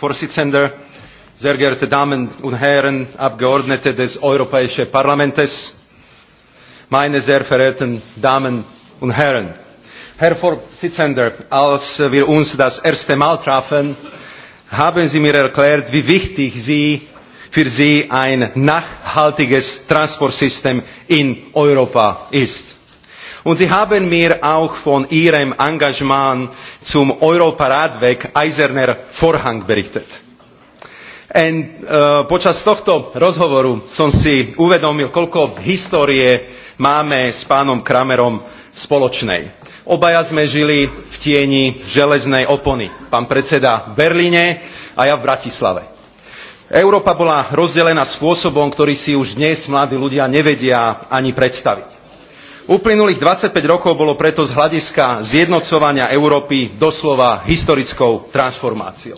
Vorsitzender, sehr geehrte Damen und Herren, Abgeordnete des Europäischen Parlaments, meine sehr verehrten Damen und Herren. Herr Vorsitzender, als wir uns das erste Mal trafen, haben Sie mir erklärt, wie wichtig Sie für Sie ein nachhaltiges Transportsystem in Europa ist. Und Sie haben mir auch von Ihrem Engagement zum Europaradweg Eiserner Vorhang berichtet. En, uh, počas tohto rozhovoru som si uvedomil, koľko histórie máme s pánom Kramerom spoločnej. Obaja sme žili v tieni železnej opony. Pán predseda v Berlíne a ja v Bratislave. Európa bola rozdelená spôsobom, ktorý si už dnes mladí ľudia nevedia ani predstaviť. Uplynulých 25 rokov bolo preto z hľadiska zjednocovania Európy doslova historickou transformáciou.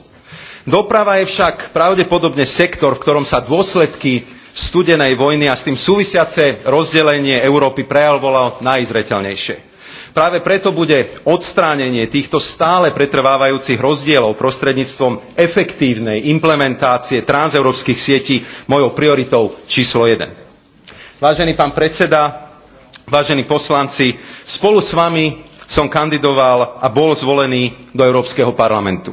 Doprava je však pravdepodobne sektor, v ktorom sa dôsledky studenej vojny a s tým súvisiace rozdelenie Európy prejavovalo najzreteľnejšie. Práve preto bude odstránenie týchto stále pretrvávajúcich rozdielov prostredníctvom efektívnej implementácie transeurópskych sietí mojou prioritou číslo 1. Vážený pán predseda, Vážení poslanci, spolu s vami som kandidoval a bol zvolený do Európskeho parlamentu.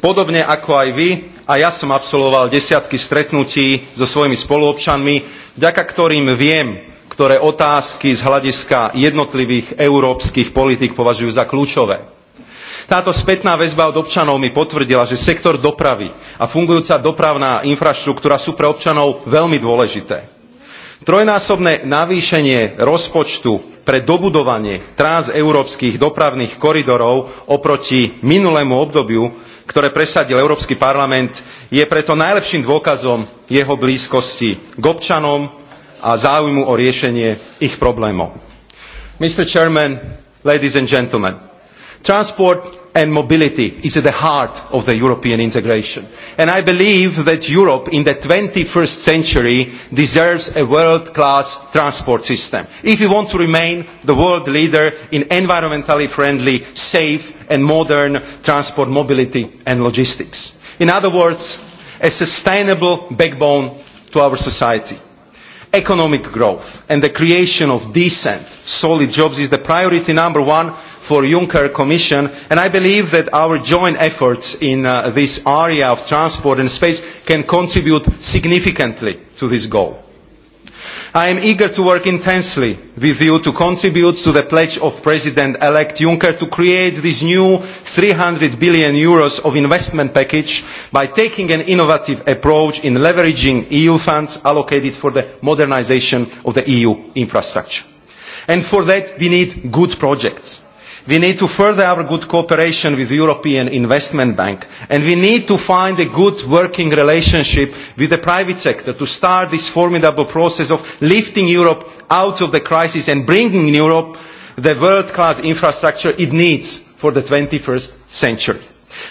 Podobne ako aj vy, a ja som absolvoval desiatky stretnutí so svojimi spoluobčanmi, vďaka ktorým viem, ktoré otázky z hľadiska jednotlivých európskych politik považujú za kľúčové. Táto spätná väzba od občanov mi potvrdila, že sektor dopravy a fungujúca dopravná infraštruktúra sú pre občanov veľmi dôležité. Trojnásobné navýšenie rozpočtu pre dobudovanie transeurópskych dopravných koridorov oproti minulému obdobiu, ktoré presadil Európsky parlament, je preto najlepším dôkazom jeho blízkosti k občanom a záujmu o riešenie ich problémov. Mr. Chairman, ladies and gentlemen, transport and mobility is at the heart of the European integration. And I believe that Europe in the 21st century deserves a world-class transport system. If we want to remain the world leader in environmentally friendly, safe and modern transport mobility and logistics. In other words, a sustainable backbone to our society. Economic growth and the creation of decent, solid jobs is the priority number one for Juncker Commission and I believe that our joint efforts in uh, this area of transport and space can contribute significantly to this goal. I am eager to work intensely with you to contribute to the pledge of President-elect Juncker to create this new 300 billion euros of investment package by taking an innovative approach in leveraging EU funds allocated for the modernization of the EU infrastructure. And for that we need good projects We need to further our good cooperation with the European Investment Bank and we need to find a good working relationship with the private sector to start this formidable process of lifting Europe out of the crisis and bringing Europe the world-class infrastructure it needs for the 21st century.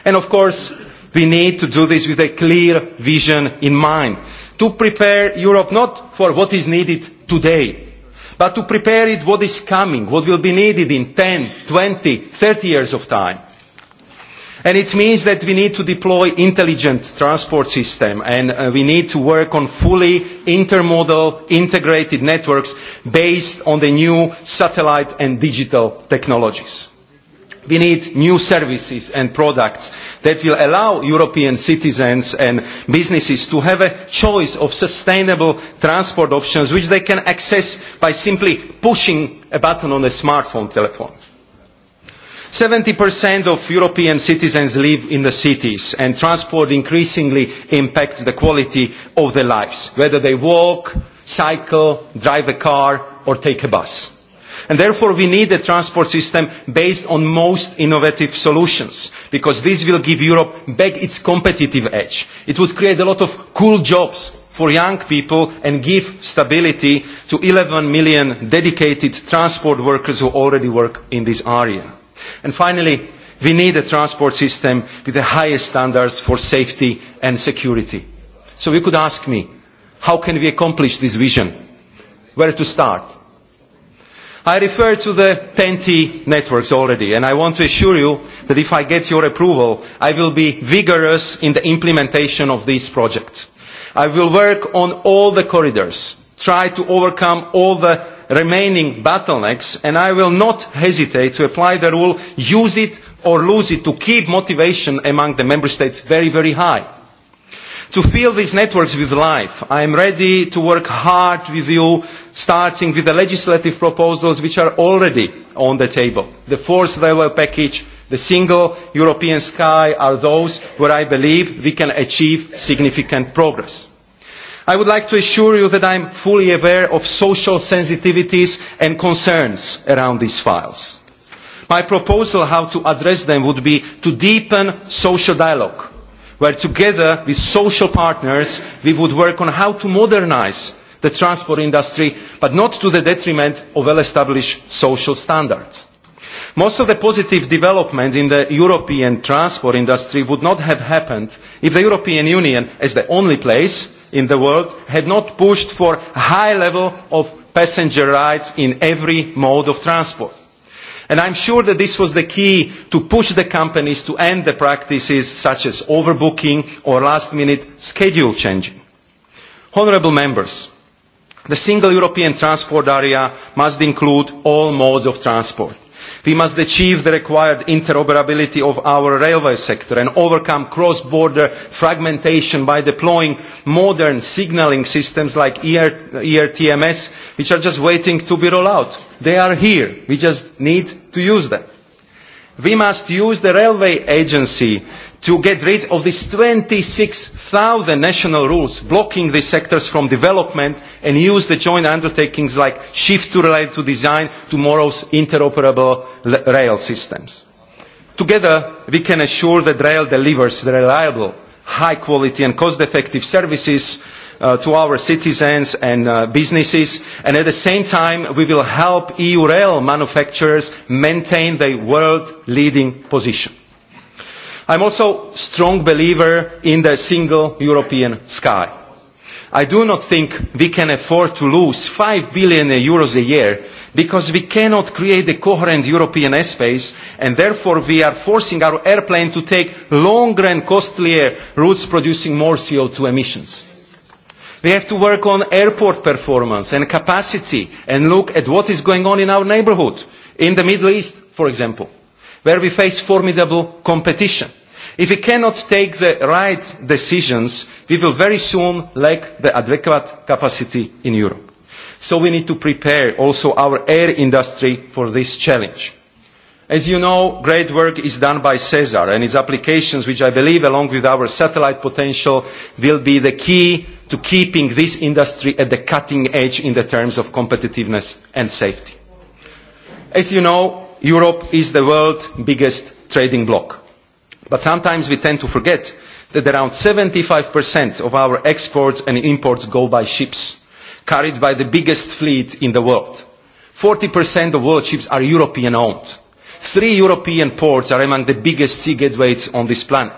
And of course, we need to do this with a clear vision in mind to prepare Europe not for what is needed today, but to prepare it what is coming, what will be needed in 10, 20, 30 years of time. And it means that we need to deploy intelligent transport system and uh, we need to work on fully intermodal integrated networks based on the new satellite and digital technologies. We need new services and products that will allow European citizens and businesses to have a choice of sustainable transport options which they can access by simply pushing a button on a smartphone telephone. 70% of European citizens live in the cities and transport increasingly impacts the quality of their lives, whether they walk, cycle, drive a car or take a bus. And therefore we need a transport system based on most innovative solutions because this will give Europe back its competitive edge. It would create a lot of cool jobs for young people and give stability to 11 million dedicated transport workers who already work in this area. And finally, we need a transport system with the highest standards for safety and security. So you could ask me, how can we accomplish this vision? Where to start? I refer to the 10T networks already, and I want to assure you that if I get your approval, I will be vigorous in the implementation of these projects. I will work on all the corridors, try to overcome all the remaining bottlenecks, and I will not hesitate to apply the rule, use it or lose it, to keep motivation among the member states very, very high. To fill these networks with life, I am ready to work hard with you, starting with the legislative proposals which are already on the table. The fourth level package, the single European sky are those where I believe we can achieve significant progress. I would like to assure you that I am fully aware of social sensitivities and concerns around these files. My proposal how to address them would be to deepen social dialogue where together with social partners we would work on how to modernize the transport industry, but not to the detriment of well-established social standards. Most of the positive developments in the European transport industry would not have happened if the European Union, as the only place in the world, had not pushed for a high level of passenger rights in every mode of transport. And I'm sure that this was the key to push the companies to end the practices such as overbooking or last-minute schedule changing. Honourable members, the single European transport area must include all modes of transport We must achieve the required interoperability of our railway sector and overcome cross-border fragmentation by deploying modern signalling systems like ER, ERTMS, which are just waiting to be rolled out. They are here. We just need to use them. We must use the railway agency to get rid of these 26,000 national rules blocking these sectors from development and use the joint undertakings like shift to rail to design tomorrow's interoperable rail systems. Together, we can assure that rail delivers reliable, high quality and cost-effective services uh, to our citizens and uh, businesses and at the same time we will help EU rail manufacturers maintain their world leading position. I'm also a strong believer in the single European sky. I do not think we can afford to lose 5 billion euros a year because we cannot create a coherent European airspace and therefore we are forcing our airplane to take longer and costlier routes producing more CO2 emissions. We have to work on airport performance and capacity and look at what is going on in our neighborhood, in the Middle East, for example where we face formidable competition. If we cannot take the right decisions, we will very soon lack the adequate capacity in Europe. So we need to prepare also our air industry for this challenge. As you know, great work is done by CESAR and its applications, which I believe, along with our satellite potential, will be the key to keeping this industry at the cutting edge in the terms of competitiveness and safety. As you know, Europe is the world's biggest trading bloc. But sometimes we tend to forget that around 75% of our exports and imports go by ships, carried by the biggest fleet in the world. 40% of world ships are European owned. Three European ports are among the biggest sea gateways on this planet.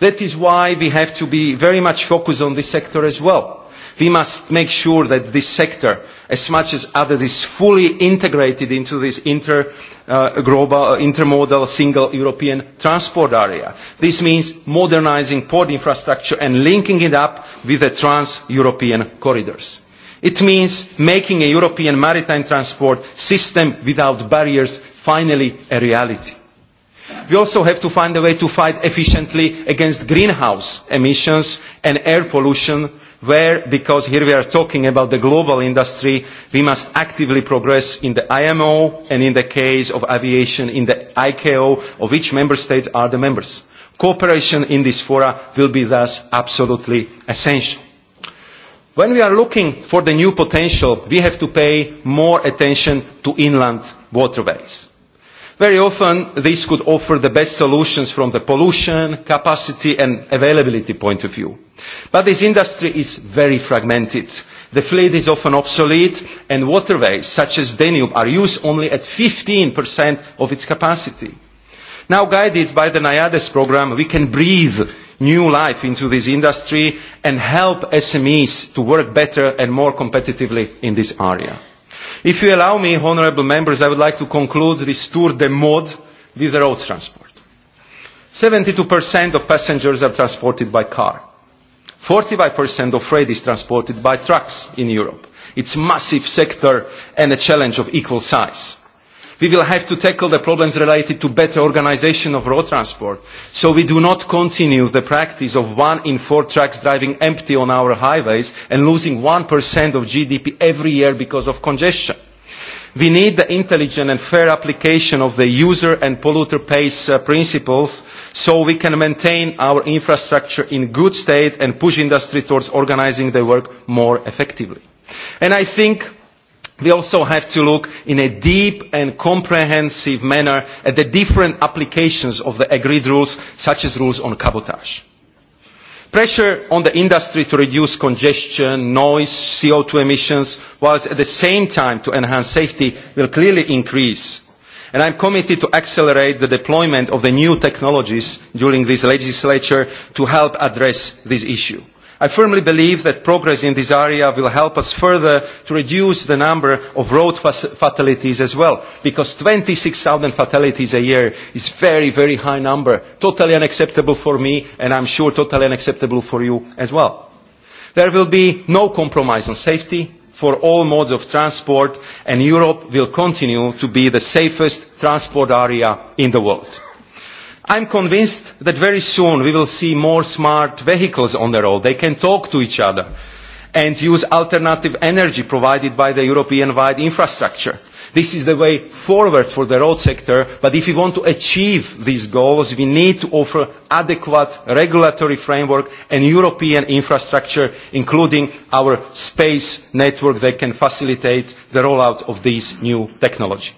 That is why we have to be very much focused on this sector as well We must make sure that this sector, as much as others, is fully integrated into this inter, uh, global, uh, intermodal single European transport area. This means modernizing port infrastructure and linking it up with the trans-European corridors. It means making a European maritime transport system without barriers finally a reality. We also have to find a way to fight efficiently against greenhouse emissions and air pollution where, because here we are talking about the global industry, we must actively progress in the IMO and in the case of aviation in the ICAO, of which member states are the members. Cooperation in this fora will be thus absolutely essential. When we are looking for the new potential, we have to pay more attention to inland waterways. Very often these could offer the best solutions from the pollution, capacity and availability point of view. But this industry is very fragmented. The fleet is often obsolete and waterways such as Danube are used only at 15% of its capacity. Now guided by the NIADES program, we can breathe new life into this industry and help SMEs to work better and more competitively in this area. If you allow me, honorable members, I would like to conclude this tour de mode with road transport. 72% of passengers are transported by car. 45% of freight is transported by trucks in Europe. It's a massive sector and a challenge of equal size. We will have to tackle the problems related to better organization of road transport. So we do not continue the practice of one in four trucks driving empty on our highways and losing 1% of GDP every year because of congestion. We need the intelligent and fair application of the user and polluter pays uh, principles so we can maintain our infrastructure in good state and push industry towards organizing their work more effectively. And I think We also have to look in a deep and comprehensive manner at the different applications of the agreed rules, such as rules on cabotage. Pressure on the industry to reduce congestion, noise, CO2 emissions, whilst at the same time to enhance safety, will clearly increase. And I'm committed to accelerate the deployment of the new technologies during this legislature to help address this issue. I firmly believe that progress in this area will help us further to reduce the number of road fatalities as well, because 26,000 fatalities a year is very, very high number, totally unacceptable for me, and I'm sure totally unacceptable for you as well. There will be no compromise on safety for all modes of transport, and Europe will continue to be the safest transport area in the world. I'm convinced that very soon we will see more smart vehicles on the road. They can talk to each other and use alternative energy provided by the European-wide infrastructure. This is the way forward for the road sector, but if we want to achieve these goals, we need to offer adequate regulatory framework and European infrastructure, including our space network that can facilitate the rollout of these new technologies.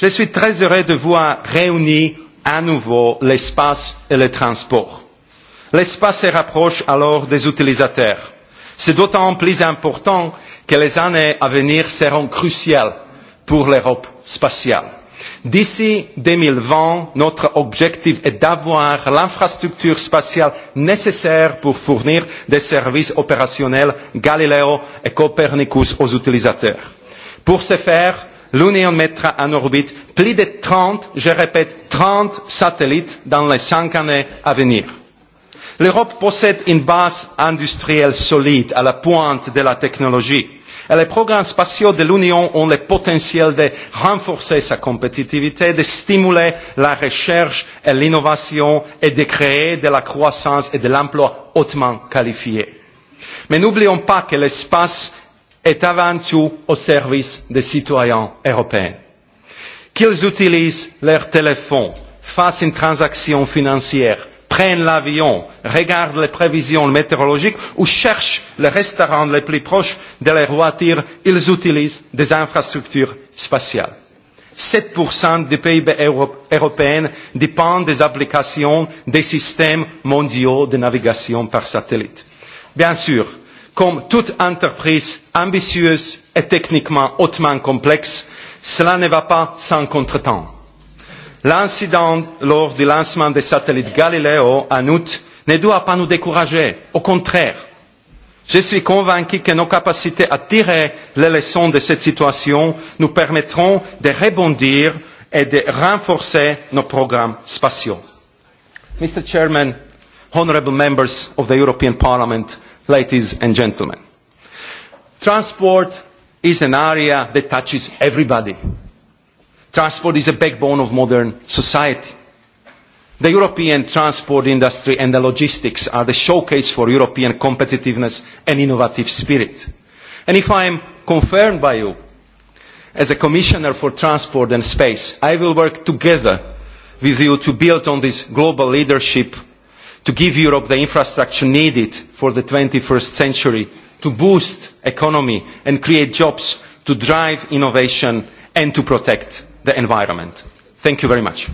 Je suis très heureux de voir réunis à nouveau l'espace et le transport. L'espace se rapproche alors des utilisateurs. C'est d'autant plus important que les années à venir seront cruciales pour l'Europe spatiale. D'ici 2020, notre objectif est d'avoir l'infrastructure spatiale nécessaire pour fournir des services opérationnels Galileo et Copernicus aux utilisateurs. Pour ce faire, l'Union mettra en orbite plus de 30, je répète, 30 satellites dans les cinq années à venir. L'Europe possède une base industrielle solide à la pointe de la technologie et les programmes spatiaux de l'Union ont le potentiel de renforcer sa compétitivité, de stimuler la recherche et l'innovation et de créer de la croissance et de l'emploi hautement qualifiés. Mais n'oublions pas que l'espace est avant tout au service des citoyens européens. Qu'ils utilisent leur téléphone, fassent une transaction financière, prennent l'avion, regardent les prévisions météorologiques ou cherchent le restaurant le plus proche de leur voiture, ils utilisent des infrastructures spatiales. 7% du PIB européen dépend des applications des systèmes mondiaux de navigation par satellite. Bien sûr, Comme toute entreprise ambitieuse et techniquement hautement complexe, cela ne va pas sans contretemps. L'incident lors du lancement des satellites Galileo en août ne doit pas nous décourager, au contraire. Je suis convaincu que nos capacités à tirer les leçons de cette situation nous permettront de rebondir et de renforcer nos programmes spatiaux. Mr. Chairman, honorable members of the European Parliament, ladies and gentlemen. Transport is an area that touches everybody. Transport is a backbone of modern society. The European transport industry and the logistics are the showcase for European competitiveness and innovative spirit. And if I am confirmed by you as a Commissioner for Transport and Space, I will work together with you to build on this global leadership to give Europe the infrastructure needed for the 21st century, to boost economy and create jobs, to drive innovation and to protect the environment. Thank you very much.